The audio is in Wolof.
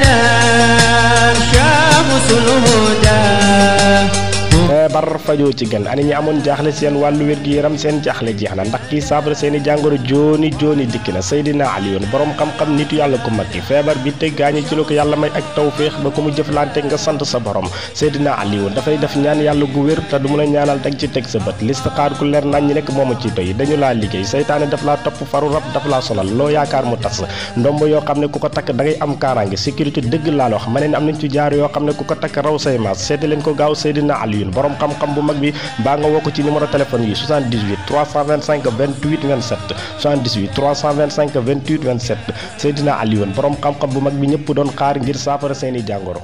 Yeah. feebar fajoo ci gën ani ñi amoon jaaxle seen wàllu wér gi yaram seen jaaxle jeex na ndax kii saabara seeni jàngoro jooni jooni dikki na ali aliyoon borom xam-xam nitu yàlla ko mag ki feebar bi te gaañi ci lu ko yàlla may ak tawféex ba ku mu jëflante nga sant sa borom seydina aliyoon dafay def ñaan yàlla gu wér te du mun ñaanal teg ci teg sa bët listixaar ku leer nañ ñi ci doy dañu laa liggéey seytaane daf laa topp faru rab daf laa solal loo yaakaar mu tas ndomb yoo xam ne ku ko takk da ngay am kaaraange sécurité dëgg laa la wax ma ne am nañ ci jaar yoo xam ne ku ko takk raw say maas leen ko gaaw aliyun borom borom xam-xam bu mag bi baa nga woo ko ci numéro téléphone yi 78 325 28 27 78 325 28 27 Seydina Alioune borom xam-xam bu mag bi ñëpp doon xaar ngir saafara seeni jàngoro.